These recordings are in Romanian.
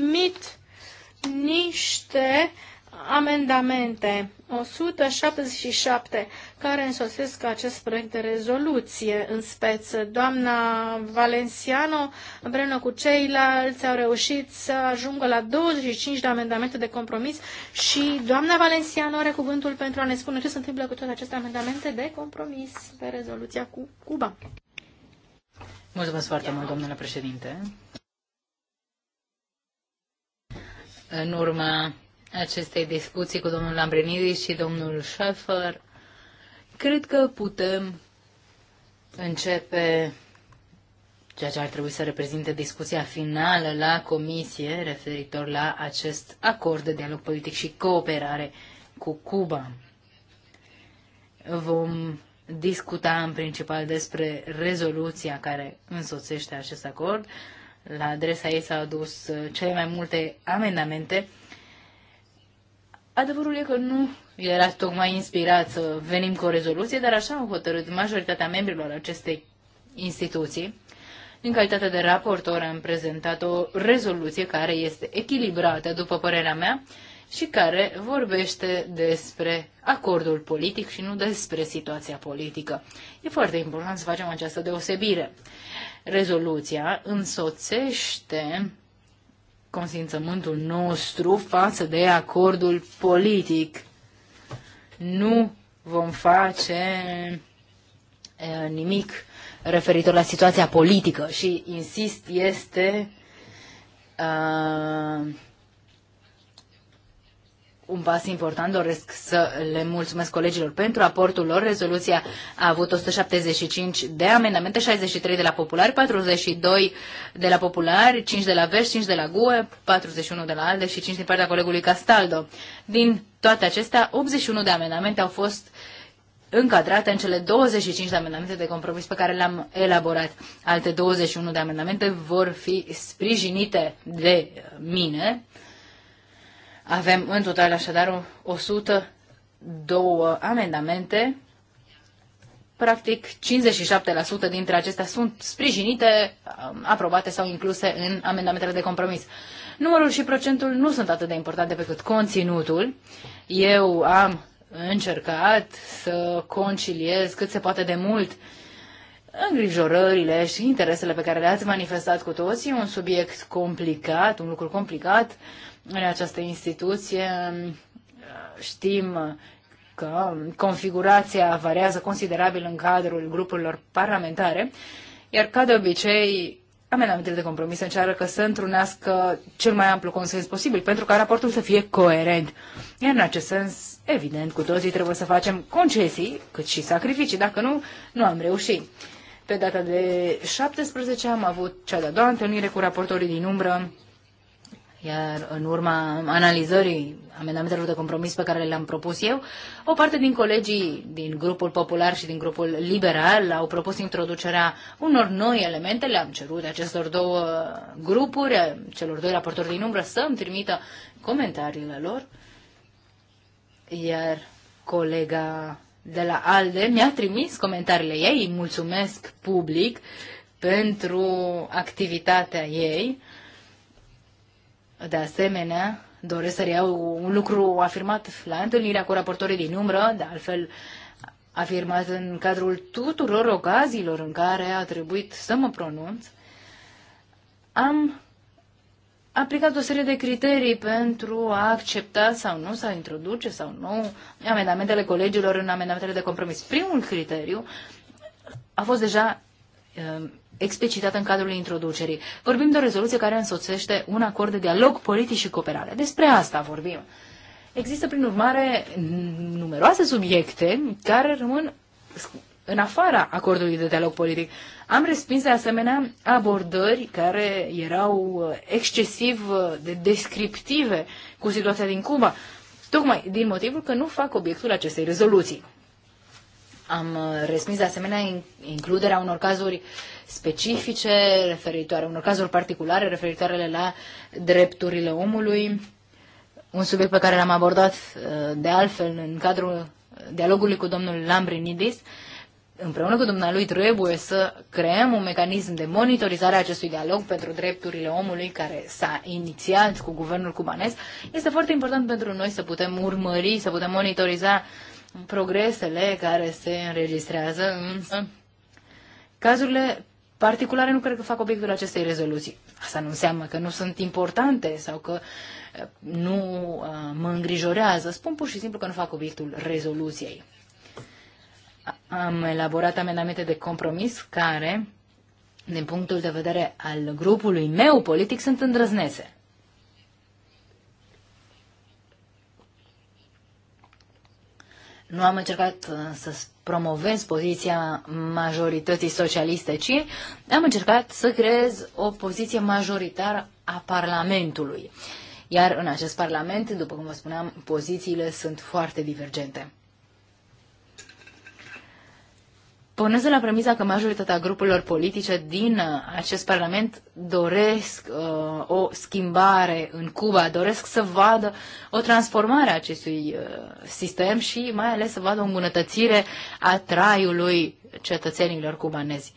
mit niște amendamente 177 care însosesc acest proiect de rezoluție în speță. Doamna Valenciano, împreună cu ceilalți, au reușit să ajungă la 25 de amendamente de compromis și doamna Valenciano are cuvântul pentru a ne spune ce se întâmplă cu toate aceste amendamente de compromis pe rezoluția cu Cuba. Mulțumesc foarte mult, domnule președinte. în urma acestei discuții cu domnul Lambrinidis și domnul Schaeffer, cred că putem începe ceea ce ar trebui să reprezinte discuția finală la comisie referitor la acest acord de dialog politic și cooperare cu Cuba. Vom discuta în principal despre rezoluția care însoțește acest acord, la adresa ei s-au adus uh, cele mai multe amendamente. Adevărul e că nu era tocmai inspirat să venim cu o rezoluție, dar așa au hotărât majoritatea membrilor acestei instituții. În calitate de raportor am prezentat o rezoluție care este echilibrată, după părerea mea, și care vorbește despre acordul politic și nu despre situația politică. E foarte important să facem această deosebire. Rezoluția însoțește consimțământul nostru față de acordul politic. Nu vom face nimic referitor la situația politică și, insist, este uh, un pas important. Doresc să le mulțumesc colegilor pentru aportul lor. Rezoluția a avut 175 de amendamente, 63 de la Populari, 42 de la Populari, 5 de la Vers, 5 de la GUE, 41 de la ALDE și 5 din partea colegului Castaldo. Din toate acestea, 81 de amendamente au fost încadrate în cele 25 de amendamente de compromis pe care le-am elaborat. Alte 21 de amendamente vor fi sprijinite de mine avem în total așadar 102 amendamente. Practic 57% dintre acestea sunt sprijinite, um, aprobate sau incluse în amendamentele de compromis. Numărul și procentul nu sunt atât de importante pe cât conținutul. Eu am încercat să conciliez cât se poate de mult îngrijorările și interesele pe care le-ați manifestat cu toții, un subiect complicat, un lucru complicat, în această instituție. Știm că configurația variază considerabil în cadrul grupurilor parlamentare, iar ca de obicei, amendamentele de compromis încearcă să întrunească cel mai amplu consens posibil pentru ca raportul să fie coerent. Iar în acest sens, evident, cu toții trebuie să facem concesii, cât și sacrificii, dacă nu, nu am reușit. Pe data de 17 am avut cea de-a doua întâlnire cu raportorii din umbră iar în urma analizării amendamentelor de compromis pe care le-am propus eu, o parte din colegii din grupul popular și din grupul liberal au propus introducerea unor noi elemente. Le-am cerut acestor două grupuri, celor doi raportori din umbră, să îmi trimită comentariile lor. Iar colega de la ALDE mi-a trimis comentariile ei, mulțumesc public pentru activitatea ei de asemenea, doresc să reiau un lucru afirmat la întâlnirea cu raportorii din umbră, de altfel afirmat în cadrul tuturor ocaziilor în care a trebuit să mă pronunț, am aplicat o serie de criterii pentru a accepta sau nu, sau introduce sau nu amendamentele colegilor în amendamentele de compromis. Primul criteriu a fost deja um, explicitată în cadrul introducerii. Vorbim de o rezoluție care însoțește un acord de dialog politic și cooperare. Despre asta vorbim. Există, prin urmare, numeroase subiecte care rămân în afara acordului de dialog politic. Am respins, de asemenea, abordări care erau uh, excesiv uh, de descriptive cu situația din Cuba, tocmai din motivul că nu fac obiectul acestei rezoluții. Am uh, respins de asemenea includerea unor cazuri specifice, referitoare, unor cazuri particulare, referitoare la drepturile omului, un subiect pe care l-am abordat uh, de altfel în cadrul dialogului cu domnul Lambrinidis. Împreună cu dumnealui trebuie să creăm un mecanism de monitorizare a acestui dialog pentru drepturile omului care s-a inițiat cu guvernul cubanez. Este foarte important pentru noi să putem urmări, să putem monitoriza uh, progresele care se înregistrează, însă cazurile particulare nu cred că fac obiectul acestei rezoluții. Asta nu înseamnă că nu sunt importante sau că eh, nu eh, mă îngrijorează. Spun pur și simplu că nu fac obiectul rezoluției. Am elaborat amendamente de compromis care, din punctul de vedere al grupului meu politic, sunt îndrăznese. Nu am încercat uh, să promovez poziția majorității socialiste, ci am încercat să creez o poziție majoritară a Parlamentului. Iar în acest Parlament, după cum vă spuneam, pozițiile sunt foarte divergente. Pornesc la premisa că majoritatea grupurilor politice din uh, acest Parlament doresc uh, o schimbare în Cuba, doresc să vadă o transformare a acestui uh, sistem și mai ales să vadă o îmbunătățire a traiului cetățenilor cubanezi.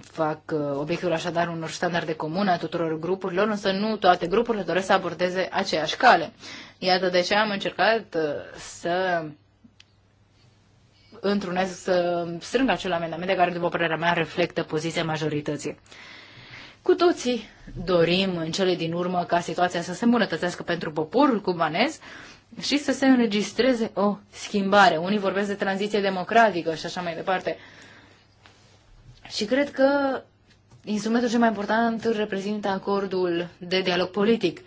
Fac uh, obiectul așadar unor standarde comune a tuturor grupurilor, însă nu toate grupurile doresc să abordeze aceeași cale. Iată de ce am încercat uh, să întrunesc să strângă amendament de care, după părerea mea, reflectă poziția majorității. Cu toții dorim în cele din urmă ca situația să se îmbunătățească pentru poporul cubanez și să se înregistreze o schimbare. Unii vorbesc de tranziție democratică și așa mai departe. Și cred că instrumentul cel mai important îl reprezintă acordul de dialog politic.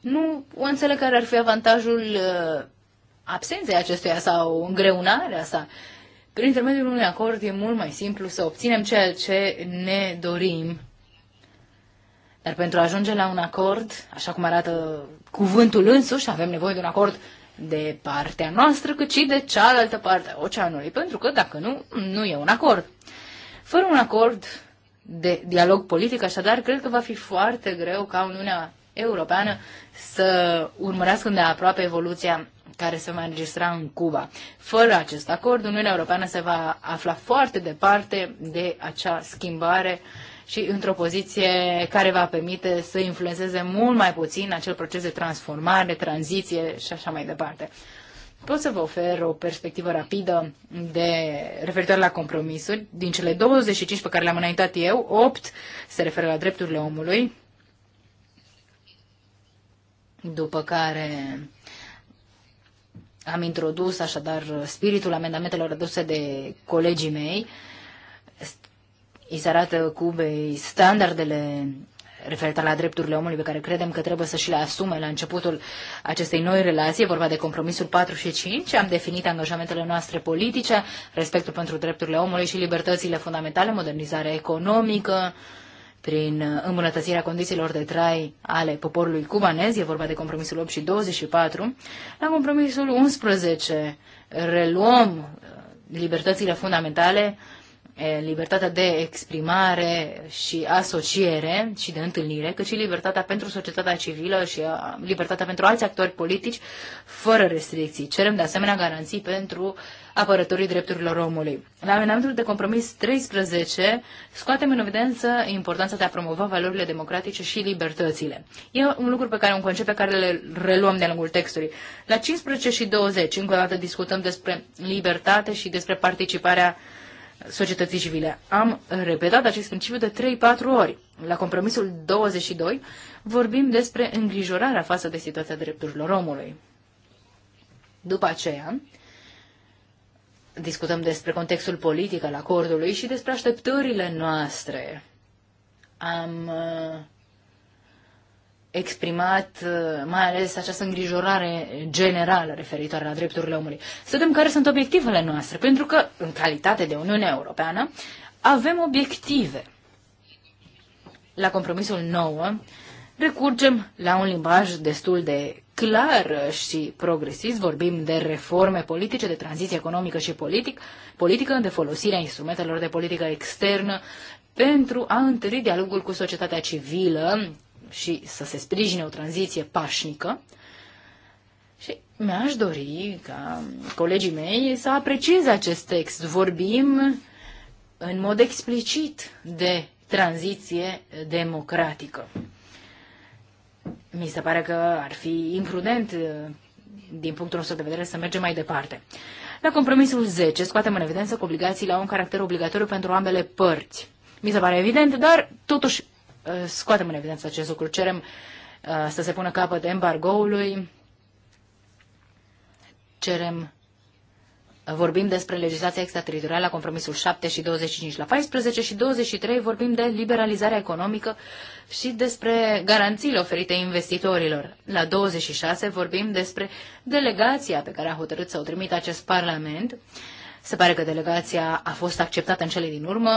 Nu înțeleg care ar fi avantajul uh, absenței acestuia sau îngreunarea sa. Prin intermediul unui acord e mult mai simplu să obținem ceea ce ne dorim. Dar pentru a ajunge la un acord, așa cum arată cuvântul însuși, avem nevoie de un acord de partea noastră, cât și de cealaltă parte a oceanului, pentru că dacă nu, nu e un acord. Fără un acord de dialog politic, așadar, cred că va fi foarte greu ca Uniunea Europeană să urmărească de aproape evoluția care se va înregistra în Cuba. Fără acest acord, Uniunea Europeană se va afla foarte departe de acea schimbare și într-o poziție care va permite să influențeze mult mai puțin acel proces de transformare, de tranziție și așa mai departe. Pot să vă ofer o perspectivă rapidă de referitor la compromisuri. Din cele 25 pe care le-am înaintat eu, 8 se referă la drepturile omului, după care am introdus așadar spiritul amendamentelor aduse de colegii mei. Îi se arată Cubei standardele referitor la drepturile omului pe care credem că trebuie să și le asume la începutul acestei noi relații, e vorba de compromisul 4 și 5, am definit angajamentele noastre politice, respectul pentru drepturile omului și libertățile fundamentale, modernizarea economică, uh, prin uh, îmbunătățirea condițiilor de trai ale poporului cubanez, e vorba de compromisul 8 și 24, la compromisul 11 reluăm uh, libertățile fundamentale libertatea de exprimare și asociere și de întâlnire, cât și libertatea pentru societatea civilă și libertatea pentru alți actori politici, fără restricții. Cerem de asemenea garanții pentru apărătorii drepturilor omului. La amendamentul de compromis 13 scoatem în evidență importanța de a promova valorile democratice și libertățile. E un lucru pe care un concept pe care le reluăm de-a lungul textului. La 15 și 20 încă o dată discutăm despre libertate și despre participarea uh, societății civile. Am repetat acest principiu de 3-4 ori. La compromisul 22 vorbim despre îngrijorarea față de situația drepturilor omului. După aceea, discutăm despre contextul politic al acordului și despre așteptările noastre. Am uh, exprimat uh, mai ales această îngrijorare generală referitoare la drepturile omului. Să vedem care sunt obiectivele noastre, pentru că, în calitate de Uniune Europeană, avem obiective. La compromisul nou recurgem la un limbaj destul de clar și progresist, vorbim de reforme politice, de tranziție economică și politic, politică, de folosirea instrumentelor de politică externă pentru a întări dialogul cu societatea civilă, și să se sprijine o tranziție pașnică. Și mi-aș dori ca colegii mei să aprecieze acest text. Vorbim în mod explicit de tranziție democratică. Mi se pare că ar fi imprudent din punctul nostru de vedere, să mergem mai departe. La compromisul 10 scoatem în evidență că obligațiile au un caracter obligatoriu pentru ambele părți. Mi se pare evident, dar totuși Uh, scoatem în evidență acest lucru. Cerem uh, să se pună capăt embargoului, cerem uh, Vorbim despre legislația extrateritorială, compromisul 7 și 25 la 14 și 23 vorbim de liberalizarea economică și despre garanțiile oferite investitorilor. La 26 vorbim despre delegația pe care a hotărât să o trimit acest Parlament se pare că delegația a fost acceptată în cele din urmă,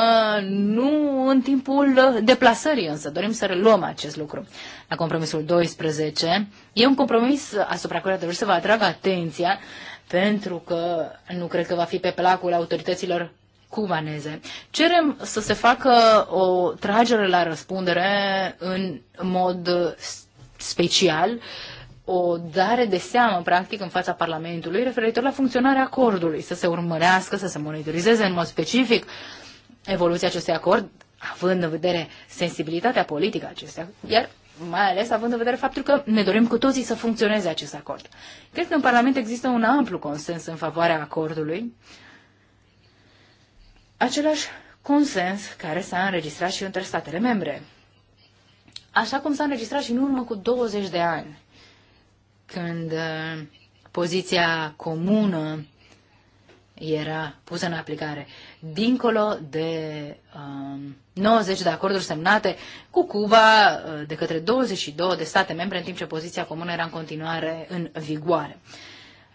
nu în timpul deplasării însă. Dorim să reluăm acest lucru. La compromisul 12 e un compromis asupra căruia trebuie să vă atrag atenția pentru că nu cred că va fi pe placul autorităților cubaneze. Cerem să se facă o tragere la răspundere în mod special uh, o dare de seamă, practic, în fața Parlamentului referitor la funcționarea acordului, să se urmărească, să se monitorizeze în mod specific evoluția acestui acord, având în vedere sensibilitatea politică acestea, iar mai ales având în vedere faptul că ne dorim cu toții să funcționeze acest acord. Cred că în Parlament există un amplu consens în favoarea acordului, același consens care s-a înregistrat și între statele membre, așa cum s-a înregistrat și în urmă cu 20 de ani când uh, poziția comună era pusă în aplicare. Dincolo de um, 90 de acorduri semnate cu Cuba uh, de către 22 de state membre, în timp ce poziția comună era în continuare în vigoare.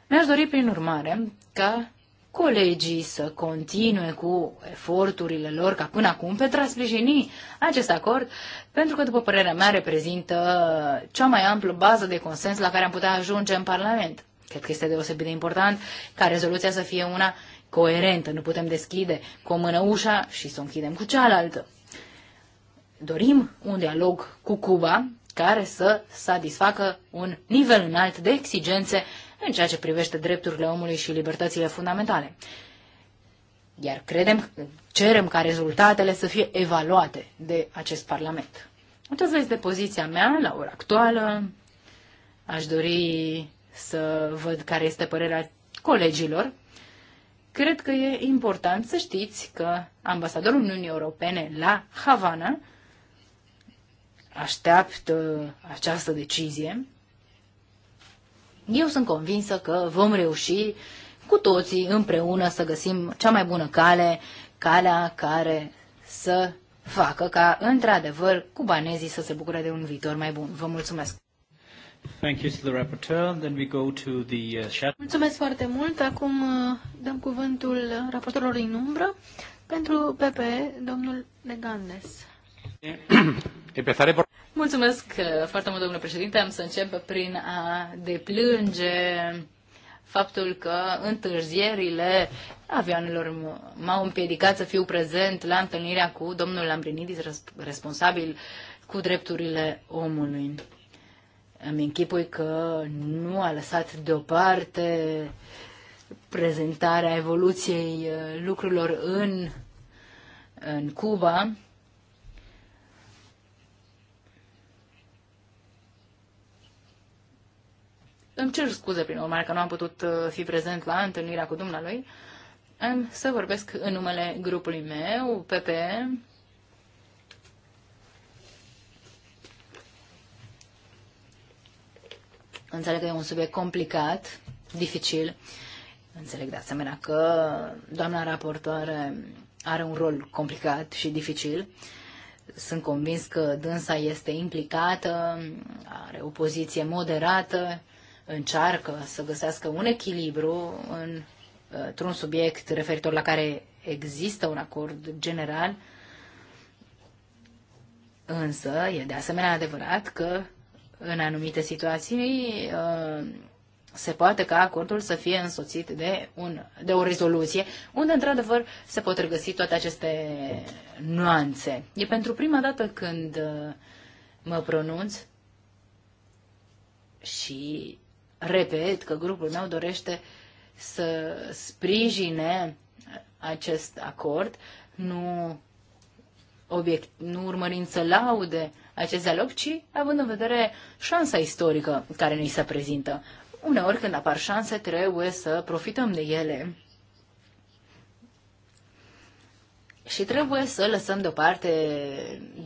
Mi-aș dori, prin urmare, ca colegii să continue cu eforturile lor ca până acum pentru a sprijini acest acord, pentru că, după părerea mea, reprezintă cea mai amplă bază de consens la care am putea ajunge în Parlament. Cred că este deosebit de important ca rezoluția să fie una coerentă. Nu putem deschide cu o mână ușa și să o închidem cu cealaltă. Dorim un dialog cu Cuba care să satisfacă un nivel înalt de exigențe în ceea ce privește drepturile omului și libertățile fundamentale. Iar credem, cerem ca rezultatele să fie evaluate de acest Parlament. Aceasta este poziția mea la ora actuală. Aș dori să văd care este părerea colegilor. Cred că e important să știți că ambasadorul Uniunii Europene la Havana așteaptă această decizie eu sunt convinsă că vom reuși cu toții împreună să găsim cea mai bună cale, calea care să facă ca, într-adevăr, cubanezii să se bucure de un viitor mai bun. Vă mulțumesc! Thank you to the rapporteur. Then we go to the uh, shadow. Mulțumesc foarte mult. Acum uh, dăm cuvântul raportorului în umbră pentru PP, domnul Legandes. Mulțumesc uh, foarte mult, domnule președinte. Am să încep prin a deplânge faptul că întârzierile avioanelor m-au împiedicat să fiu prezent la întâlnirea cu domnul Lambrinidis, responsabil cu drepturile omului. Îmi închipui că nu a lăsat deoparte prezentarea evoluției uh, lucrurilor în, în Cuba, Îmi cer scuze, prin urmare, că nu am putut uh, fi prezent la întâlnirea cu dumnealui. Am să vorbesc în numele grupului meu, PP. Înțeleg că e un subiect complicat, dificil. Înțeleg de asemenea că doamna raportoare are un rol complicat și dificil. Sunt convins că dânsa este implicată, are o poziție moderată încearcă să găsească un echilibru într-un subiect referitor la care există un acord general, însă e de asemenea adevărat că în anumite situații uh, se poate ca acordul să fie însoțit de, un, de o rezoluție, unde, într-adevăr, se pot regăsi toate aceste nuanțe. E pentru prima dată când uh, mă pronunț și repet că grupul meu dorește să sprijine acest acord, nu, obiect, nu urmărind să laude acest dialog, ci având în vedere șansa istorică care ni se prezintă. Uneori când apar șanse, trebuie să profităm de ele. Și trebuie să lăsăm deoparte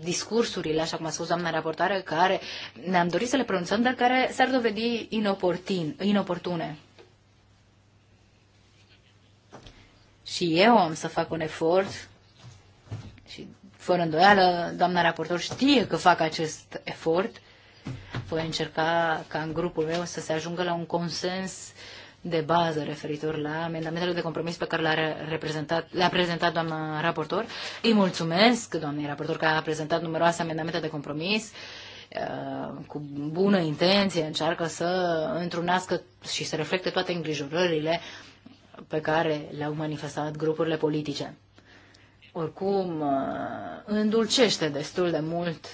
discursurile, așa cum a spus doamna raportoare, care ne-am dorit să le pronunțăm, dar care s-ar dovedi inoportin, inoportune. Și eu am să fac un efort și fără îndoială, doamna raportor știe că fac acest efort. Voi încerca ca în grupul meu să se ajungă la un consens uh, de bază referitor la amendamentele de compromis pe care le-a, reprezentat, le-a prezentat doamna raportor. Îi mulțumesc doamnei raportor că a prezentat numeroase amendamente de compromis uh, cu bună intenție încearcă să întrunească și să reflecte toate îngrijorările pe care le-au manifestat grupurile politice. Oricum, uh, îndulcește destul de mult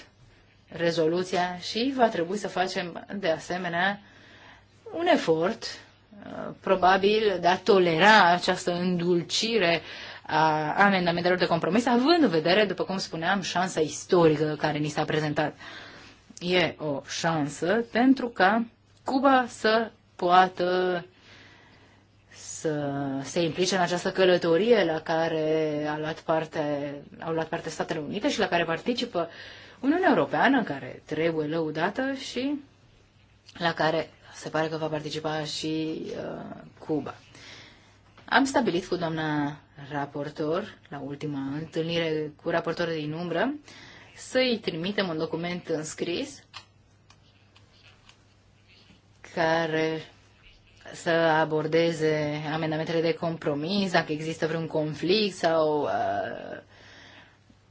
rezoluția și va trebui să facem de asemenea un efort probabil de a tolera această îndulcire a amendamentelor de compromis, având în vedere, după cum spuneam, șansa istorică care ni s-a prezentat. E o șansă pentru ca Cuba să poată să se implice în această călătorie la care a luat parte, au luat parte Statele Unite și la care participă Uniunea Europeană, care trebuie lăudată și la care se pare că va participa și uh, Cuba. Am stabilit cu doamna raportor, la ultima întâlnire cu raportorul din umbră, să-i trimitem un document înscris care să abordeze amendamentele de compromis, dacă există vreun conflict sau uh,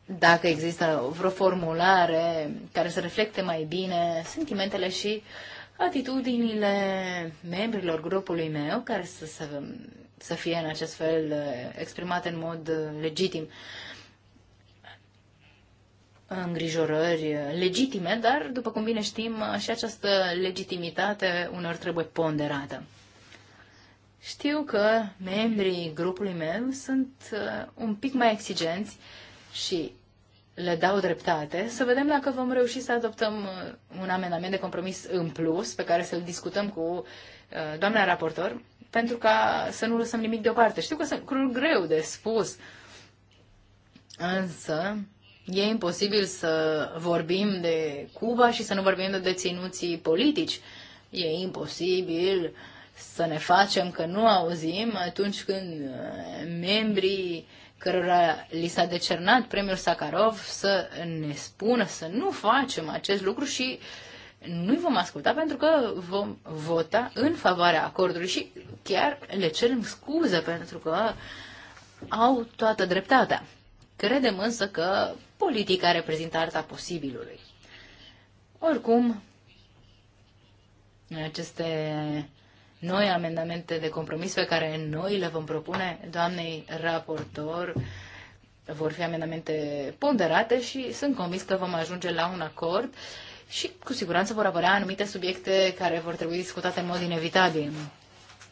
dacă există vreo formulare care să reflecte mai bine sentimentele și uh, atitudinile membrilor grupului meu, care să, să, să fie în acest fel uh, exprimate în mod uh, legitim, îngrijorări uh, legitime, dar, după cum bine știm, și această legitimitate unor trebuie ponderată. Știu că membrii grupului meu sunt un pic mai exigenți și le dau dreptate, să vedem dacă vom reuși să adoptăm uh, un amendament de compromis în plus, pe care să-l discutăm cu uh, doamna raportor, pentru ca să nu lăsăm nimic deoparte. Știu că sunt lucruri greu de spus, însă e imposibil să vorbim de Cuba și să nu vorbim de deținuții politici. E imposibil să ne facem că nu auzim atunci când uh, membrii cărora li s-a decernat premiul Sakharov să ne spună să nu facem acest lucru și nu-i vom asculta pentru că vom vota în favoarea acordului și chiar le cerem scuze pentru că au toată dreptatea. Credem însă că politica reprezintă arta posibilului. Oricum, aceste noi amendamente de compromis pe care noi le vom propune doamnei raportor. Vor fi amendamente ponderate și sunt convins că vom ajunge la un acord și cu siguranță vor apărea anumite subiecte care vor trebui discutate în mod inevitabil.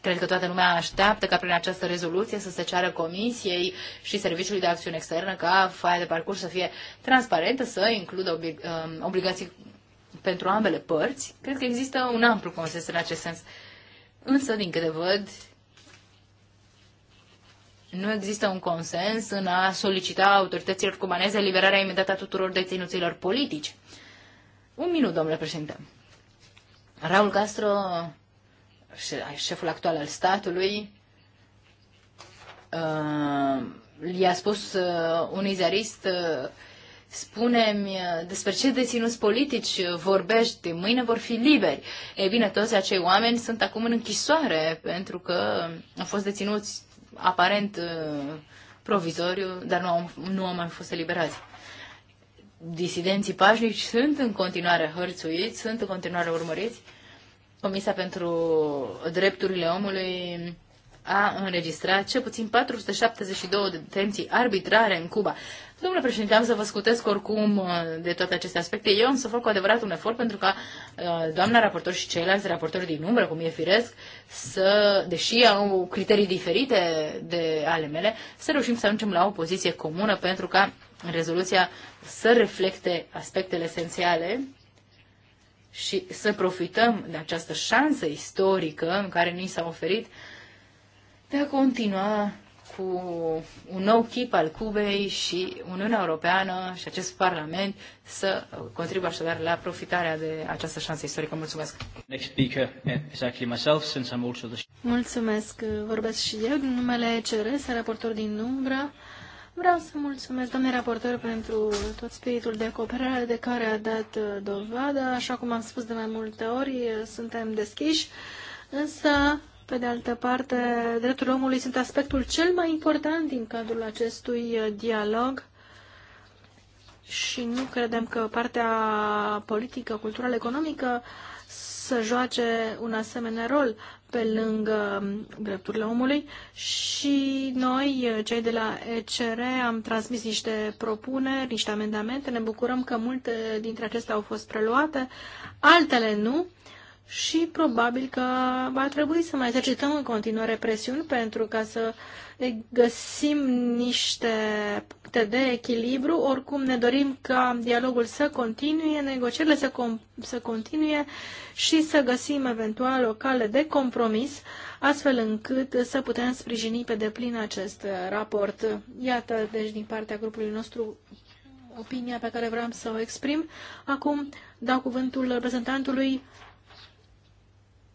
Cred că toată lumea așteaptă ca prin această rezoluție să se ceară Comisiei și Serviciului de Acțiune Externă ca faia de parcurs să fie transparentă, să includă um, obligații pentru ambele părți. Cred că există un amplu consens în acest sens. Însă, din câte văd, nu există un consens în a solicita autorităților cubaneze liberarea imediată a tuturor deținuților politici. Un minut, domnule președinte. Raul Castro, șeful actual al statului, uh, i-a spus uh, unui zarist uh, spune-mi uh, despre ce deținuți politici uh, vorbești, mâine vor fi liberi. E bine, toți acei oameni sunt acum în închisoare pentru că au fost deținuți aparent uh, provizoriu, dar nu au, nu au mai fost eliberați. Disidenții pașnici sunt în continuare hărțuiți, sunt în continuare urmăriți. Comisia pentru Drepturile Omului a înregistrat cel puțin 472 de detenții arbitrare în Cuba. Domnule președinte, am să vă scutesc oricum uh, de toate aceste aspecte. Eu am să fac cu adevărat un efort pentru ca uh, doamna raportor și ceilalți raportori din umbră, cum e firesc, să, deși au criterii diferite de ale mele, să reușim să ajungem la o poziție comună pentru ca rezoluția să reflecte aspectele esențiale și să profităm de această șansă istorică în care ni s-a oferit uh, de a continua cu un nou chip al Cubei și Uniunea Europeană și acest Parlament să contribuie așadar la profitarea de această șansă istorică. Mulțumesc! Next speaker is eh, myself, since I'm also the... Mulțumesc! Eh, vorbesc și eu din numele CRS, raportor din umbra. Vreau să mulțumesc, domnule raportor, pentru tot spiritul de cooperare de care a dat eh, dovadă. Așa cum am spus de mai multe ori, suntem deschiși, însă pe de altă parte, drepturile omului sunt aspectul cel mai important din cadrul acestui uh, dialog și nu credem că partea politică, culturală, economică să joace un asemenea rol pe lângă um, drepturile omului și noi, uh, cei de la ECR, am transmis niște propuneri, niște amendamente. Ne bucurăm că multe dintre acestea au fost preluate, altele nu și probabil că va trebui să mai exercităm în continuare presiuni pentru ca să găsim niște puncte de echilibru. Oricum ne dorim ca dialogul să continue, negocierile să, com- să continue și să găsim eventual o cale de compromis, astfel încât să putem sprijini pe deplin acest raport. Iată, deci, din partea grupului nostru, opinia pe care vreau să o exprim. Acum dau cuvântul reprezentantului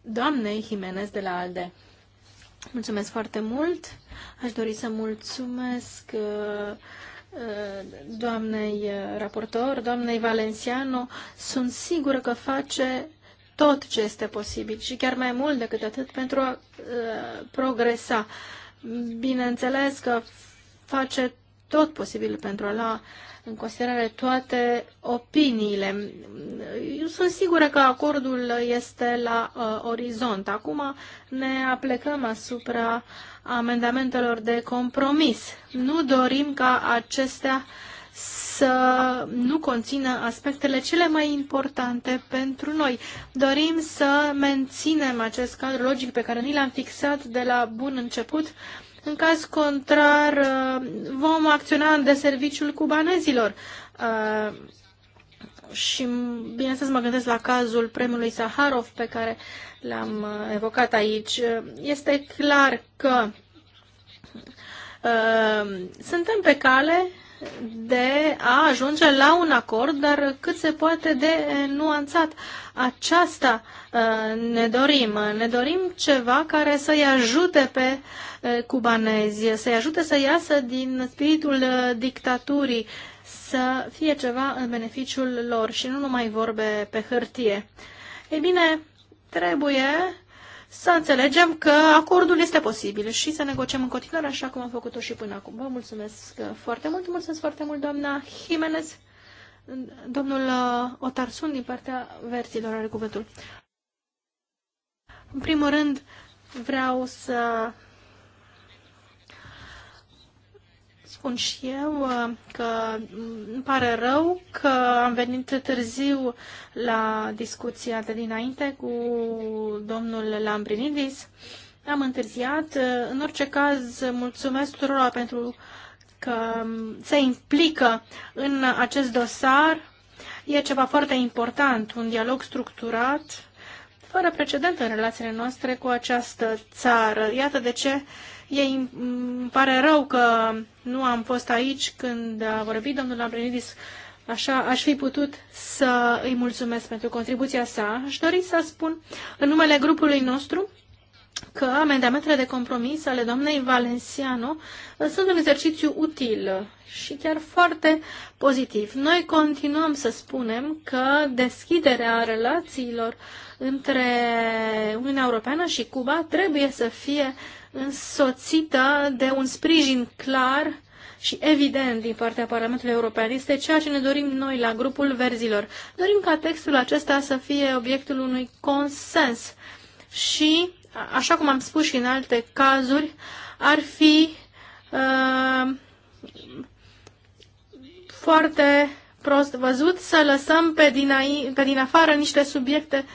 doamnei Jimenez de la ALDE. Mulțumesc foarte mult. Aș dori să mulțumesc uh, uh, doamnei uh, raportor, doamnei Valenciano. Sunt sigură că face tot ce este posibil și chiar mai mult decât atât pentru a progresa. Bineînțeles că face tot posibil pentru a lua în considerare toate opiniile. Eu sunt sigură că acordul este la uh, orizont. Acum ne aplecăm asupra amendamentelor de compromis. Nu dorim ca acestea să nu conțină aspectele cele mai importante pentru noi. Dorim să menținem acest cadru logic pe care ni l-am fixat de la bun început în caz contrar, uh, vom acționa în deserviciul cubanezilor. Uh, și, bineînțeles, mă gândesc la cazul premiului Saharov pe care l-am uh, evocat aici. Este clar că suntem pe cale de a ajunge la un acord, dar cât se poate de eh, nuanțat. Aceasta eh, ne dorim. Ne dorim ceva care să-i ajute pe eh, cubanezi, să-i ajute să iasă din spiritul dictaturii, să fie ceva în beneficiul lor și nu numai vorbe pe hârtie. Ei bine, trebuie să înțelegem că acordul este posibil și să negociem în continuare așa cum am făcut-o și până acum. Vă mulțumesc uh, foarte mult, mulțumesc foarte mult doamna Jimenez, domnul uh, Otarsun din partea verzilor are cuvântul. În primul rând vreau să spun și eu uh, că îmi pare rău că am venit târziu la discuția de dinainte cu domnul Lambrinidis. Am întârziat. Uh, în orice caz, mulțumesc tuturor pentru că se implică în acest dosar. E ceva foarte important, un dialog structurat, fără precedent în relațiile noastre cu această țară. Iată de ce ei îmi pare rău că nu am fost aici când a vorbit domnul Lambrinidis. Așa aș fi putut să îi mulțumesc pentru contribuția sa. Aș dori să spun în numele grupului nostru că amendamentele de compromis ale doamnei Valenciano sunt un exercițiu util și chiar foarte pozitiv. Noi continuăm să spunem că deschiderea relațiilor între Uniunea Europeană și Cuba trebuie să fie uh, însoțită de un sprijin clar și evident din partea Parlamentului European. Este ceea ce ne dorim noi la grupul verzilor. Dorim ca textul acesta să fie obiectul unui consens și, așa cum am spus și în alte cazuri, ar fi uh, foarte prost văzut să lăsăm pe din, pe din afară niște subiecte uh,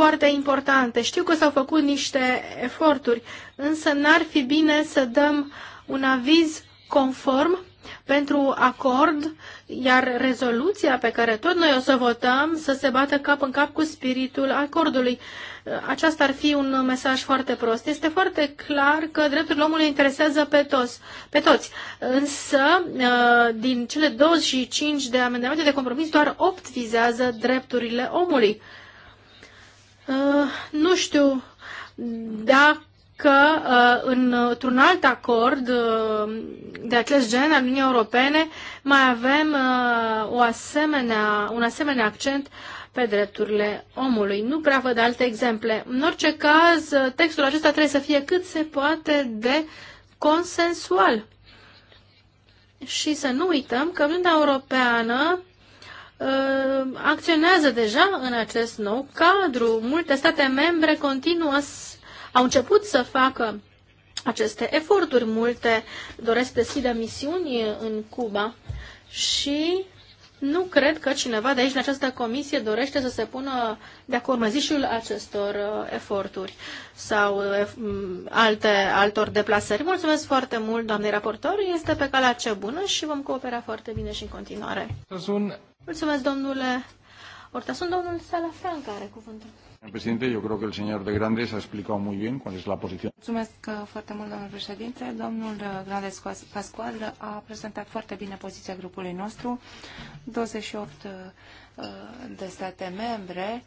foarte importante. Știu că s-au făcut niște eforturi, însă n-ar fi bine să dăm un aviz conform pentru acord, iar rezoluția pe care tot noi o să votăm să se bată cap în cap cu spiritul acordului. Aceasta ar fi un mesaj foarte prost. Este foarte clar că drepturile omului interesează pe toți, pe toți. Însă, uh, din cele 25 de amendamente de compromis, doar 8 vizează drepturile omului. Uh, nu știu dacă în uh, într-un alt acord uh, de acest gen al Uniunii Europene mai avem o asemenea, un asemenea accent pe drepturile omului. Nu prea văd alte exemple. În orice caz, textul acesta trebuie să fie cât se poate de consensual. Și să nu uităm că Uniunea Europeană Uh, acționează deja în acest nou cadru. Multe state membre continuă, au început să facă aceste eforturi. Multe doresc să deschidă misiuni în Cuba și nu cred că cineva de aici, în această comisie, dorește să se pună de acord măzișul acestor uh, eforturi sau uh, alte, altor deplasări. Mulțumesc foarte mult, doamnei raportor. Este pe calea cea bună și vom coopera foarte bine și în continuare. Mulțumesc, domnule Orta. Sunt Domnul Salafranca are cuvântul. Președinte, eu cred că el señor de Grande s a explicat muy bien cuál es la posición. Mulțumesc uh, foarte mult, domnul președinte. Domnul uh, Grande Pascual uh, a prezentat foarte bine poziția grupului nostru. 28 de state membre,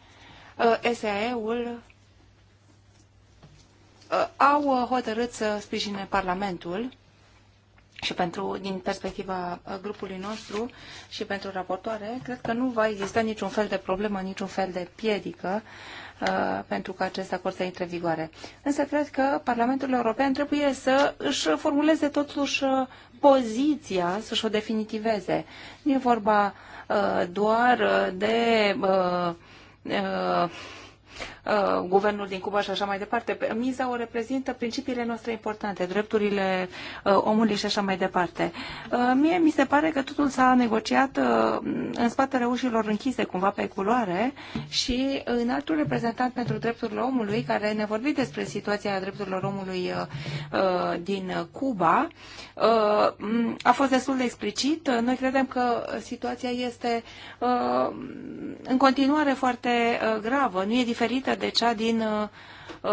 SAE-ul au hotărât să sprijine Parlamentul și pentru, din perspectiva uh, grupului nostru și pentru raportoare, cred că nu va exista niciun fel de problemă, niciun fel de piedică uh, pentru că acest acord să intre în vigoare. Însă cred că Parlamentul European trebuie să își formuleze totuși uh, poziția, să-și o definitiveze. Nu e vorba uh, doar uh, de uh, Uh, guvernul din Cuba și așa mai departe. Miza o reprezintă principiile noastre importante, drepturile uh, omului și așa mai departe. Uh, mie mi se pare că totul s-a negociat uh, în spatele ușilor închise, cumva pe culoare, și în altul reprezentant pentru drepturile omului, care ne vorbit despre situația drepturilor omului uh, uh, din Cuba, uh, a fost destul de explicit. Noi credem că situația este uh, în continuare foarte uh, gravă, nu e diferit diferită de cea din uh,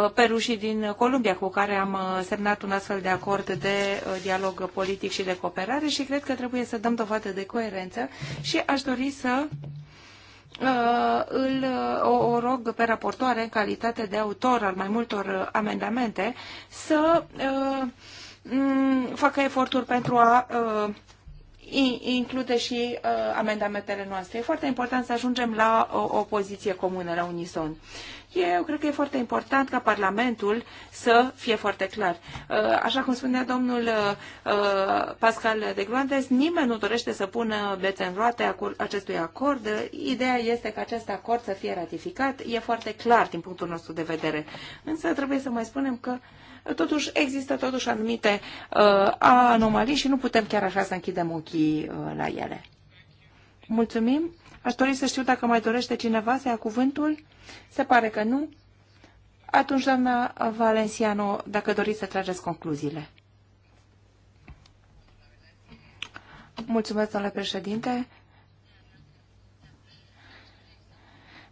uh, Peru și din Columbia, cu care am uh, semnat un astfel de acord de dialog politic și de cooperare și cred că trebuie să dăm dovadă de coerență și aș dori să îl, o, o rog pe raportoare în calitate de autor al mai multor amendamente să uh, facă eforturi pentru a uh, include și uh, amendamentele noastre. E foarte important să ajungem la o, uh, o poziție comună, la unison. Eu cred că e foarte important ca Parlamentul să fie foarte clar. Uh, așa cum spunea domnul uh, uh, Pascal de Grandes, nimeni nu dorește să pună bețe în roate acestui acord. Ideea este că acest acord să fie ratificat. E foarte clar din punctul nostru de vedere. Însă trebuie să mai spunem că totuși există totuși anumite uh, anomalii și nu putem chiar așa să închidem ochii uh, la ele. Mulțumim. Aș dori să știu dacă mai dorește cineva să ia cuvântul. Se pare că nu. Atunci, doamna Valenciano, dacă doriți să trageți concluziile. Mulțumesc, domnule președinte.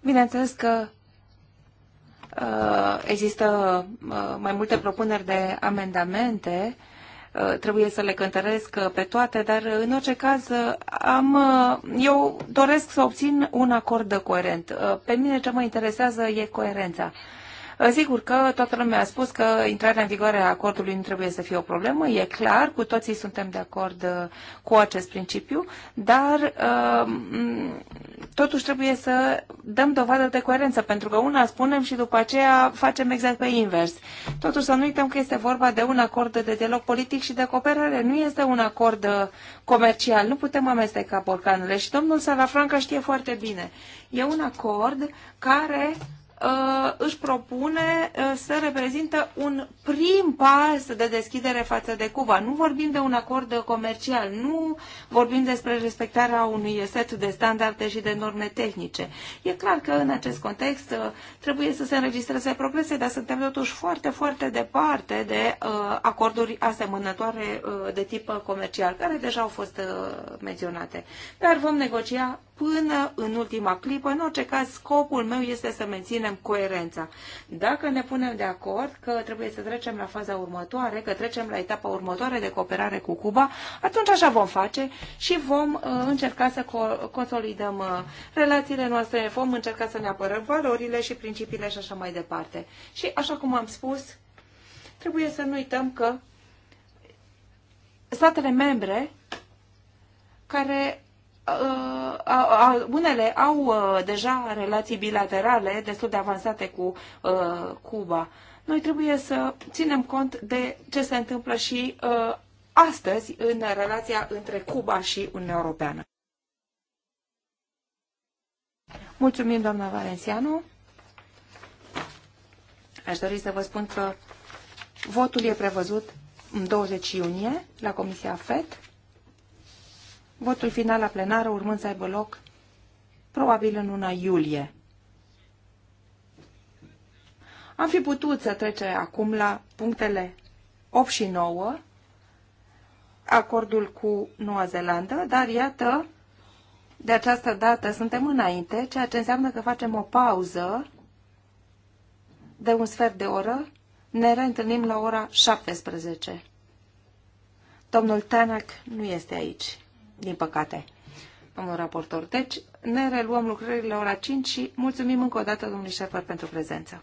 Bineînțeles că uh, există uh, mai multe propuneri de amendamente Uh, trebuie să le cântăresc uh, pe toate, dar uh, în orice caz am, eu doresc să obțin un acord de coerent. Pe mine ce mă interesează e coerența. Sigur că toată lumea a spus că intrarea în vigoare a acordului nu trebuie să fie o problemă, e clar, cu toții suntem de acord uh, cu acest principiu, dar uh, totuși trebuie să dăm dovadă de coerență, pentru că una spunem și după aceea facem exact pe invers. Totuși să nu uităm că este vorba de un acord de dialog politic și de cooperare, nu este un acord uh, comercial, nu putem amesteca borcanele și domnul Salafranca știe foarte bine. E un acord care Uh, își propune uh, să reprezintă un prim pas de deschidere față de Cuba. Nu vorbim de un acord comercial, nu vorbim despre respectarea unui set de standarde și de norme tehnice. E clar că în acest context uh, trebuie să se înregistreze progrese, dar suntem totuși foarte, foarte departe de acorduri asemănătoare de tip comercial, care deja au fost menționate. Dar vom negocia până în ultima clipă. În orice caz, scopul meu este să menținem coerența. Dacă ne punem de acord că trebuie să trecem la faza următoare, că trecem la etapa următoare de cooperare cu Cuba, atunci așa vom face și vom uh, încerca să co- consolidăm uh, relațiile noastre, vom încerca să ne apărăm valorile și principiile și așa mai departe. Și așa cum am spus, trebuie să nu uităm că statele membre care uh, unele au uh, deja relații bilaterale destul de avansate cu uh, Cuba. Noi trebuie să ținem cont de ce se întâmplă și uh, astăzi în relația între Cuba și Uniunea Europeană. Mulțumim, doamna Valențianu. Aș dori să vă spun că votul e prevăzut în 20 iunie la Comisia FED votul final la plenară urmând să aibă loc probabil în luna iulie. Am fi putut să trece acum la punctele 8 și 9, acordul cu Noua Zeelandă, dar iată, de această dată suntem înainte, ceea ce înseamnă că facem o pauză de un sfert de oră, ne reîntâlnim la ora 17. Domnul Tanak nu este aici din păcate, domnul raportor. Deci, ne reluăm lucrările la ora 5 și mulțumim încă o dată domnului Șefer pentru prezență.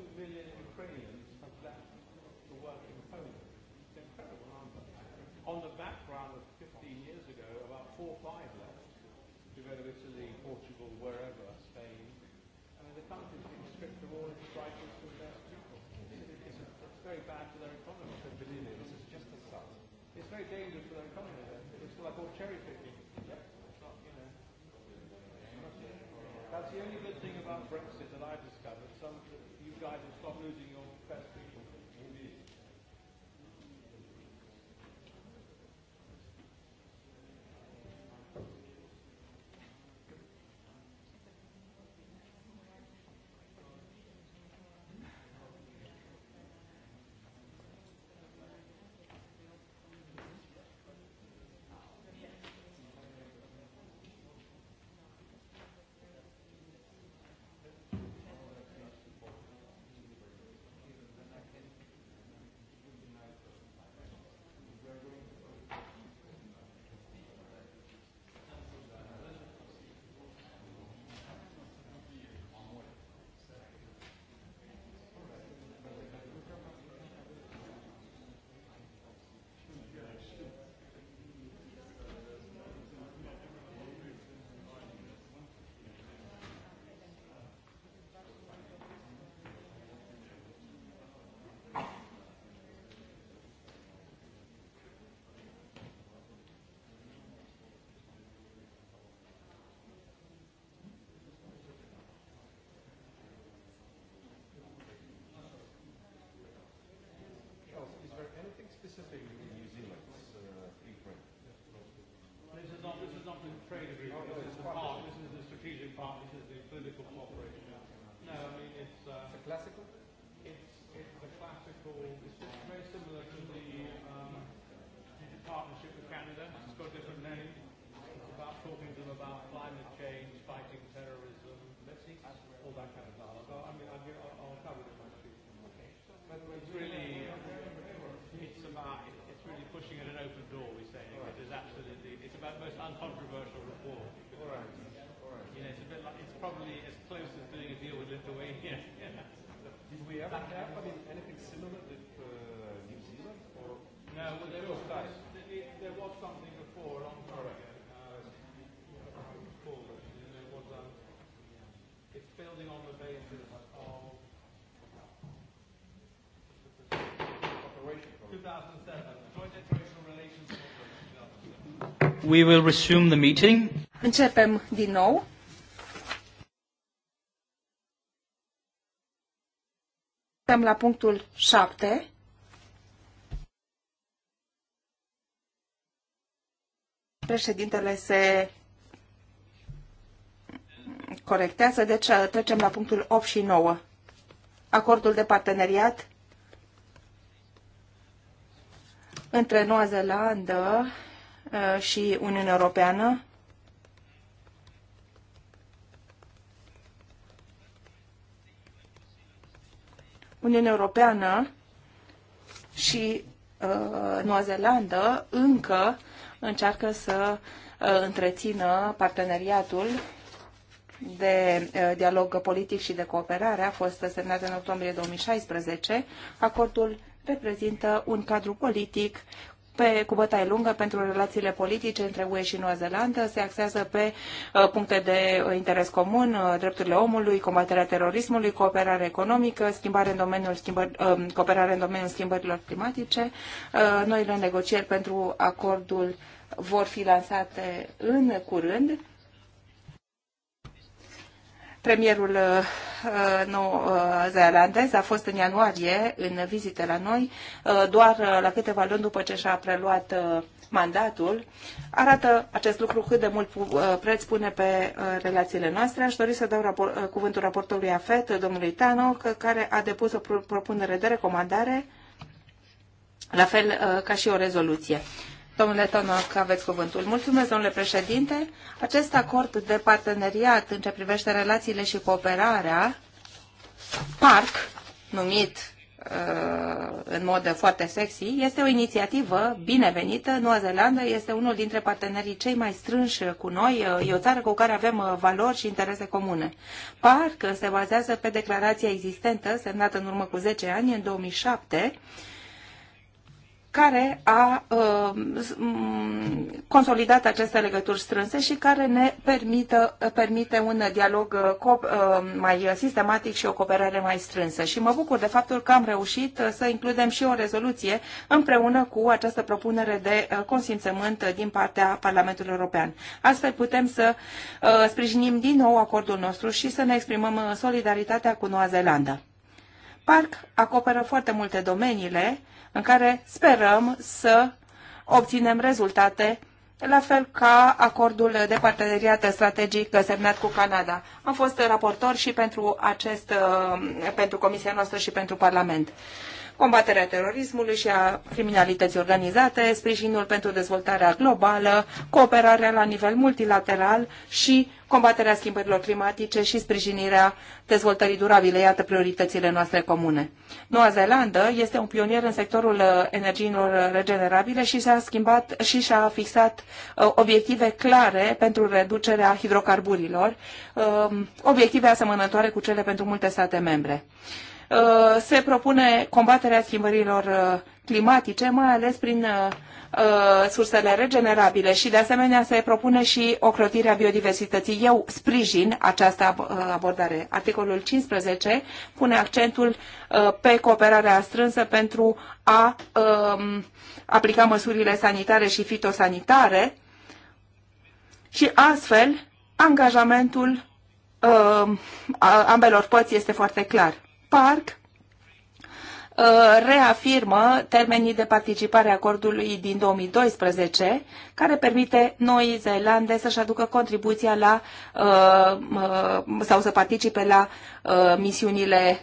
two million Ukrainians have left to work in Poland. It's an incredible number. On the background of 15 years ago, about four or five left to go to Italy, Portugal, wherever, Spain. I mean, the country's been stripped of all its rights to their people. It's, it's very bad for their economy. I believe it. just a start. It's very dangerous for their economy. It's like all cherry picking. Yep. Not, you know. That's the only good thing about Brexit that I've participating in New Zealand's uh, free This is not this is not the trade agreement. this is the part. This is the strategic part. This is the political cooperation. No, I mean it's. Uh, it's a classical. It's it's a classical. It's very similar to the um, partnership with Canada. It's got a different name. It's about talking to them about climate change, fighting terrorism, Let's see. all that kind of stuff. open door, we say. right. It is absolutely, it's about the most uncontroversial reform. All right. All right. You know, it's a bit like, it's probably as close as doing a deal with Lithuania. yeah. Did we ever have, I mean, anything similar with uh, New Zealand? Or no, well, there was we will resume the meeting. Începem din nou. Suntem la punctul 7. Președintele se corectează, deci trecem la punctul 8 și 9. Acordul de parteneriat între Noua Zeelandă Uh, și Uniunea Europeană Uniunea Europeană și uh, Noua Zeelandă încă încearcă să uh, întrețină parteneriatul de uh, dialog politic și de cooperare. A fost semnat în octombrie 2016. Acordul reprezintă un cadru politic pe, cu bătaie lungă pentru relațiile politice între UE și Noua Zeelandă, se axează pe uh, puncte de uh, interes comun, uh, drepturile omului, combaterea terorismului, cooperare economică, schimbare în domeniul cooperare în domeniul schimbărilor climatice. Noile negocieri pentru acordul vor fi lansate în curând Premierul uh, uh, nou zeelandez a fost în ianuarie în vizite la noi, uh, doar la câteva luni după ce și-a preluat mandatul. Arată acest lucru cât de mult preț pune pe relațiile noastre. Aș dori să dau rapor, cuvântul raportului AFET, domnului Tano, care a depus o propunere de recomandare, la fel ca și o rezoluție. Domnule Tonoc, aveți cuvântul. Mulțumesc, domnule președinte. Acest acord de parteneriat în ce privește relațiile și cooperarea, PARC, numit uh, în mod foarte sexy, este o inițiativă binevenită. Noua Zeelandă este unul dintre partenerii cei mai strânși cu noi. E o țară cu care avem uh, valori și interese comune. Parc se bazează pe declarația existentă semnată în urmă cu 10 ani, în 2007, care a uh, consolidat aceste legături strânse și care ne permită, permite un dialog uh, uh, mai sistematic și o cooperare mai strânsă. Și mă bucur de faptul că am reușit să includem și o rezoluție împreună cu această propunere de consimțământ din partea Parlamentului European. Astfel putem să sprijinim din nou acordul nostru și să ne exprimăm solidaritatea cu Noua Zeelandă. PARC acoperă foarte multe domeniile în care sperăm să obținem rezultate la fel ca acordul de parteneriat strategic semnat cu Canada. Am fost raportor și pentru, acest, uh, pentru Comisia noastră și pentru Parlament combaterea terorismului și a criminalității organizate, sprijinul pentru dezvoltarea globală, cooperarea la nivel multilateral și combaterea schimbărilor climatice și sprijinirea dezvoltării durabile, iată prioritățile noastre comune. Noua Zeelandă este un pionier în sectorul uh, energiilor regenerabile și s a schimbat și și-a fixat uh, obiective clare pentru reducerea hidrocarburilor, uh, obiective asemănătoare cu cele pentru multe state membre. Uh, se propune combaterea schimbărilor uh, climatice, mai ales prin uh, sursele regenerabile și de asemenea se propune și ocrotirea biodiversității. Eu sprijin această abordare. Articolul 15 pune accentul pe cooperarea strânsă pentru a um, aplica măsurile sanitare și fitosanitare și astfel angajamentul um, ambelor părți este foarte clar. Park uh, reafirmă termenii de participare a acordului din 2012, care permite Noii Zeelande să-și aducă contribuția la uh, sau să participe la uh, misiunile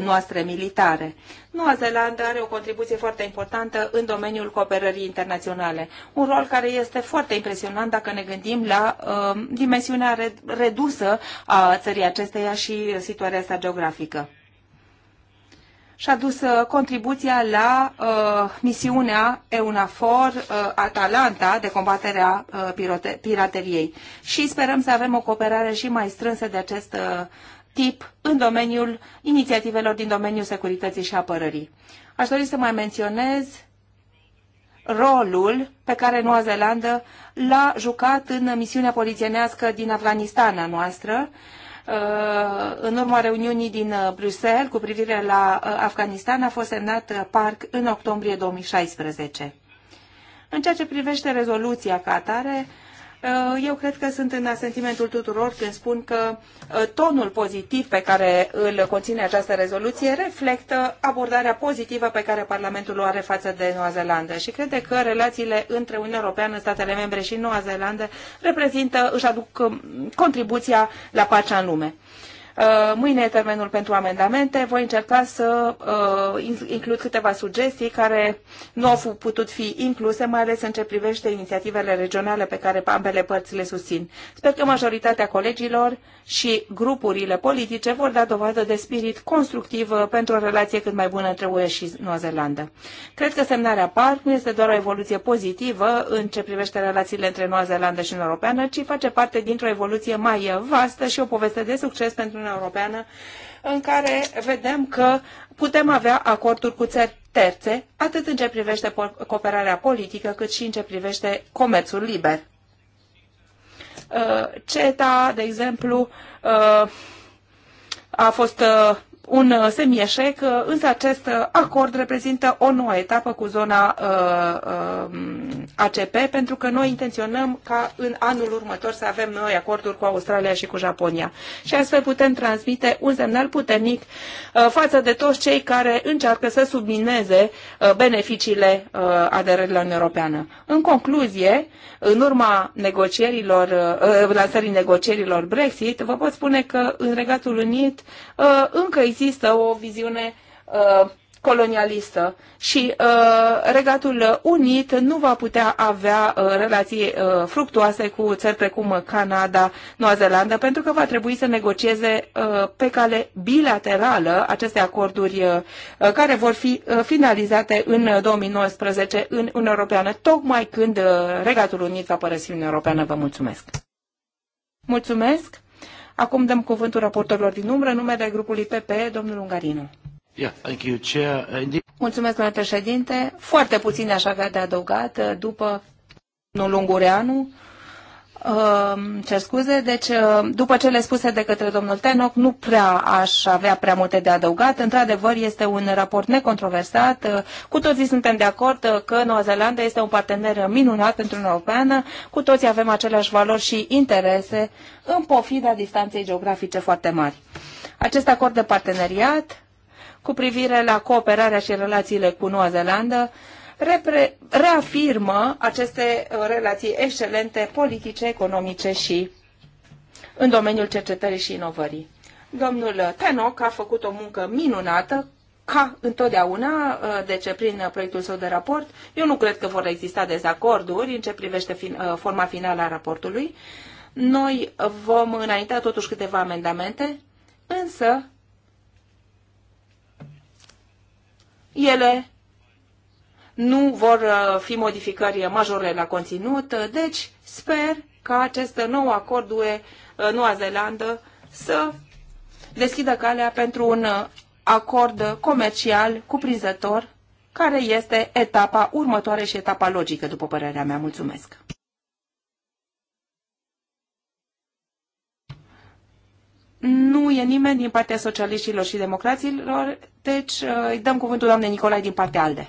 noastre militare. Noua Zeelandă are o contribuție foarte importantă în domeniul cooperării internaționale, un rol care este foarte impresionant dacă ne gândim la uh, dimensiunea redusă a țării acesteia și situația sa geografică și-a dus uh, contribuția la uh, misiunea EUNAFOR uh, Atalanta de combaterea uh, pirate pirateriei. Și sperăm să avem o cooperare și mai strânsă de acest uh, tip în domeniul inițiativelor din domeniul securității și apărării. Aș dori să mai menționez rolul pe care Noua Zeelandă l-a jucat în misiunea polițienească din Afganistana noastră, uh, Uh, în urma reuniunii din uh, Bruxelles cu privire la uh, Afganistan a fost semnat parc în octombrie 2016. În ceea ce privește rezoluția ca atare, Uh, eu cred că sunt în asentimentul tuturor când spun că uh, tonul pozitiv pe care îl conține această rezoluție reflectă abordarea pozitivă pe care Parlamentul o are față de Noua Zeelandă și crede că relațiile între Uniunea Europeană, statele membre și Noua Zeelandă reprezintă, își aduc um, contribuția la pacea în lume. Uh, mâine e termenul pentru amendamente. Voi încerca să uh, includ câteva sugestii care nu au putut fi incluse, mai ales în ce privește inițiativele regionale pe care ambele părți le susțin. Sper că majoritatea colegilor și grupurile politice vor da dovadă de spirit constructiv uh, pentru o relație cât mai bună între UE și Noua Zeelandă. Cred că semnarea PAR nu este doar o evoluție pozitivă în ce privește relațiile între Noua Zeelandă și Uniunea Europeană, ci face parte dintr-o evoluție mai vastă și o poveste de succes pentru Uniunea Europeană în care vedem că putem avea acorduri cu țări terțe, atât în ce privește cooperarea politică, cât și în ce privește comerțul liber. Uh, CETA, de exemplu, uh, a fost uh, un uh, semieșec, uh, însă acest uh, acord reprezintă o nouă etapă cu zona um, ACP, pentru că noi intenționăm ca în anul următor să avem noi acorduri cu Australia și cu Japonia. Și astfel putem transmite un semnal puternic față de toți cei care încearcă să submineze beneficiile aderării la Uniunea Europeană. În concluzie, în urma negocierilor, lansării negocierilor Brexit, vă pot spune că în Regatul Unit încă există există o viziune uh, colonialistă și uh, Regatul Unit nu va putea avea uh, relații uh, fructuoase cu țări precum Canada, Noua Zeelandă, pentru că va trebui să negocieze uh, pe cale bilaterală aceste acorduri uh, care vor fi uh, finalizate în 2019 uh, în Uniunea Europeană, tocmai când uh, Regatul Unit va părăsi Uniunea Europeană. Vă mulțumesc! Mulțumesc! Acum dăm cuvântul raportorilor din umbră, numele grupului PPE, domnul Ungarinu. Yeah, thank you, Chair. Uh, Mulțumesc, domnule președinte. Foarte puțin aș avea de adăugat uh, după domnul Ungureanu. Ehm, cer scuze, deci ehm, după cele spuse de către domnul Tenoc, nu prea aș avea prea multe de adăugat. Într-adevăr, este un raport necontroversat. Ehm, cu toții suntem de acord că Noua Zeelandă este un partener minunat pentru Uniunea Europeană. Cu toții avem aceleași valori și interese în pofida distanței geografice foarte mari. Acest acord de parteneriat cu privire la cooperarea și relațiile cu Noua Zeelandă repre, reafirmă aceste uh, relații excelente politice, economice și în domeniul cercetării și inovării. Domnul Tenoc a făcut o muncă minunată, ca întotdeauna, deci prin proiectul său de raport, eu nu cred că vor exista dezacorduri în ce privește fin, uh, forma finală a raportului. Noi vom înainta totuși câteva amendamente, însă ele nu vor uh, fi modificări majore la conținut, uh, deci sper ca acest nou acord UE-Noua uh, Zeelandă să deschidă calea pentru un acord comercial cuprinzător, care este etapa următoare și etapa logică, după părerea mea. Mulțumesc! Nu e nimeni din partea socialiștilor și democraților, deci îi dăm cuvântul doamnei Nicolae din partea ALDE.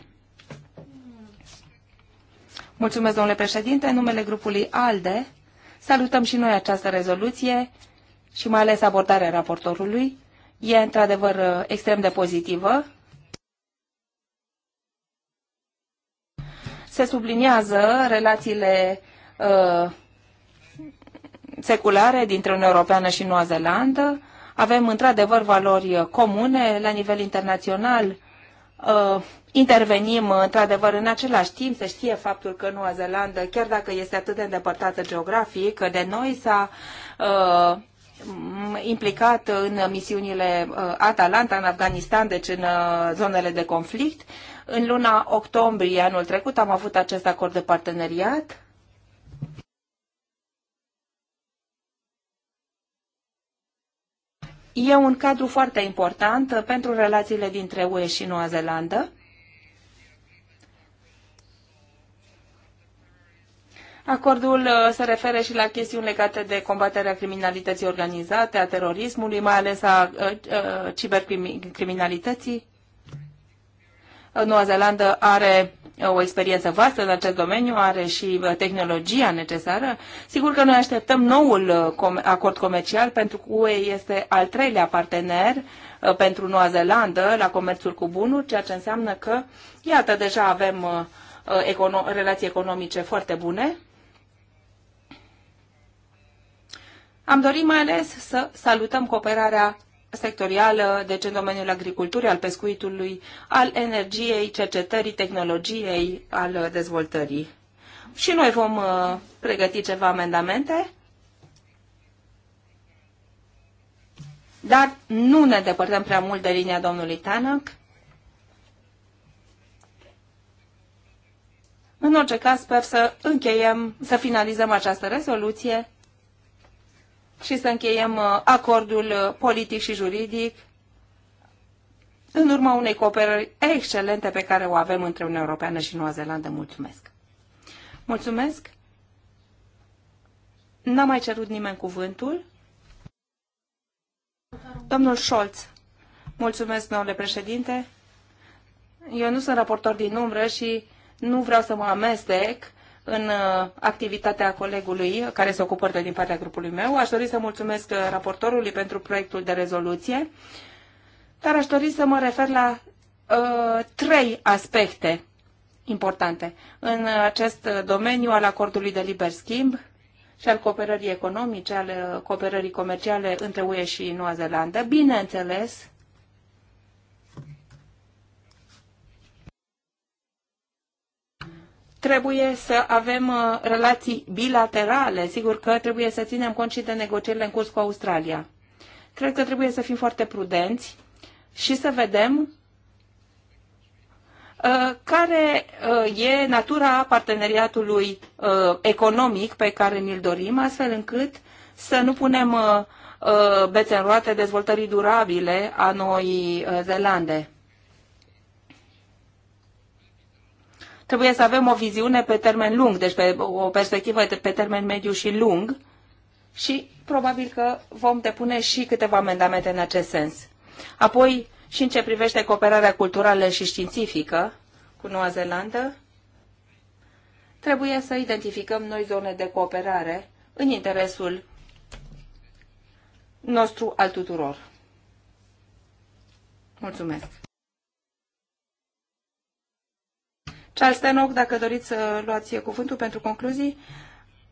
Mulțumesc, domnule președinte, în numele grupului ALDE. Salutăm și noi această rezoluție și mai ales abordarea raportorului. E într-adevăr uh, extrem de pozitivă. Se subliniază relațiile uh, seculare dintre Uniunea Europeană și Noua Zeelandă. Avem într-adevăr valori uh, comune la nivel internațional. Uh, intervenim într-adevăr în același timp, se știe faptul că Noua Zeelandă, chiar dacă este atât de îndepărtată geografic, de noi s-a uh, implicat în misiunile uh, Atalanta în Afganistan, deci în uh, zonele de conflict. În luna octombrie anul trecut am avut acest acord de parteneriat. E un cadru foarte important uh, pentru relațiile dintre UE și Noua Zeelandă Acordul uh, se referă și la chestiuni legate de combaterea criminalității organizate, a terorismului, mai ales a uh, uh, cibercriminalității. Noua Zeelandă are o experiență vastă în acest domeniu, are și tehnologia necesară. Sigur că noi așteptăm noul acord comercial pentru că UE este al treilea partener pentru Noua Zeelandă la comerțul cu bunuri, ceea ce înseamnă că, iată, deja avem econo- relații economice foarte bune Am dorit mai ales să salutăm cooperarea sectorială, deci în domeniul agriculturii, al pescuitului, al energiei, cercetării, tehnologiei, al dezvoltării. Și noi vom uh, pregăti ceva amendamente, dar nu ne depărtăm prea mult de linia domnului Tanac. În orice caz, sper să încheiem, să finalizăm această rezoluție și să încheiem uh, acordul uh, politic și juridic în urma unei cooperări excelente pe care o avem între Uniunea Europeană și Noua Zeelandă. Mulțumesc! Mulțumesc! N-a mai cerut nimeni cuvântul. Domnul Scholz, mulțumesc, domnule președinte. Eu nu sunt raportor din umbră și nu vreau să mă amestec în uh, activitatea colegului care se ocupă de din partea grupului meu. Aș dori să mulțumesc uh, raportorului pentru proiectul de rezoluție, dar aș dori să mă refer la uh, trei aspecte importante în acest domeniu al acordului de liber schimb și al cooperării economice, al uh, cooperării comerciale între UE și Noua Zeelandă. Bineînțeles, trebuie să avem uh, relații bilaterale. Sigur că trebuie să ținem cont și de negocierile în curs cu Australia. Cred că trebuie să fim foarte prudenți și să vedem uh, care uh, e natura parteneriatului economic pe care ni-l dorim, astfel încât să nu punem bețe în roate dezvoltării durabile a Noii Zeelande. trebuie să avem o viziune pe termen lung, deci pe o perspectivă pe termen mediu și lung și probabil că vom depune și câteva amendamente în acest sens. Apoi, și în ce privește cooperarea culturală și științifică cu Noua Zeelandă, trebuie să identificăm noi zone de cooperare în interesul nostru al tuturor. Mulțumesc! Charles Tenoc, dacă doriți să luați cuvântul pentru concluzii.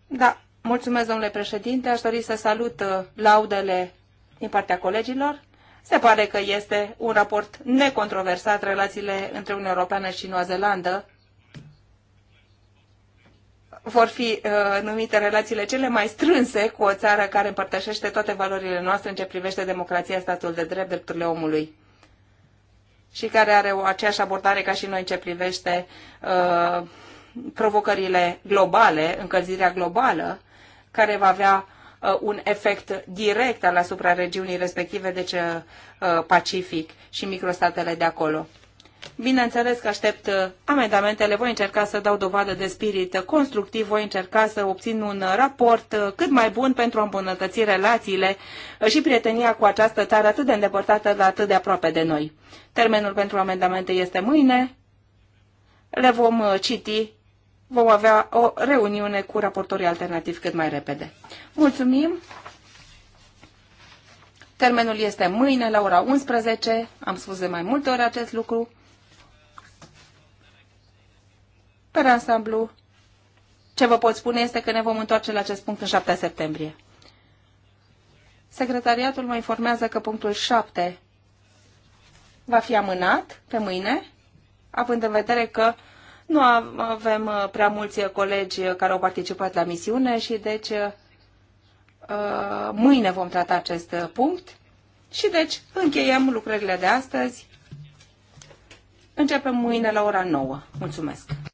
Da, mulțumesc, domnule președinte. Aș dori să salut uh, laudele din partea colegilor. Se pare că este un raport necontroversat relațiile între Uniunea Europeană și Noua Zeelandă. Vor fi uh, numite relațiile cele mai strânse cu o țară care împărtășește toate valorile noastre în ce privește democrația, statul de drept, drepturile omului și care are o aceeași abordare ca și noi în ce privește uh, provocările globale, încălzirea globală, care va avea uh, un efect direct al asupra regiunii respective, deci uh, Pacific și microstatele de acolo. Bineînțeles că aștept uh, amendamentele, voi încerca să dau dovadă de spirit constructiv, voi încerca să obțin un raport uh, cât mai bun pentru a îmbunătăți relațiile uh, și prietenia cu această țară atât de îndepărtată, dar atât de aproape de noi. Termenul pentru amendamente este mâine, le vom citi, vom avea o reuniune cu raportorii alternativi cât mai repede. Mulțumim! Termenul este mâine la ora 11, am spus de mai multe ori acest lucru. Per ansamblu, ce vă pot spune este că ne vom întoarce la acest punct în 7 septembrie. Secretariatul mă informează că punctul 7 va fi amânat pe mâine, având în vedere că nu avem uh, prea mulți colegi care au participat la misiune și deci uh, mâine vom trata acest punct și deci încheiem lucrările de astăzi. Începem mâine la ora 9. Mulțumesc!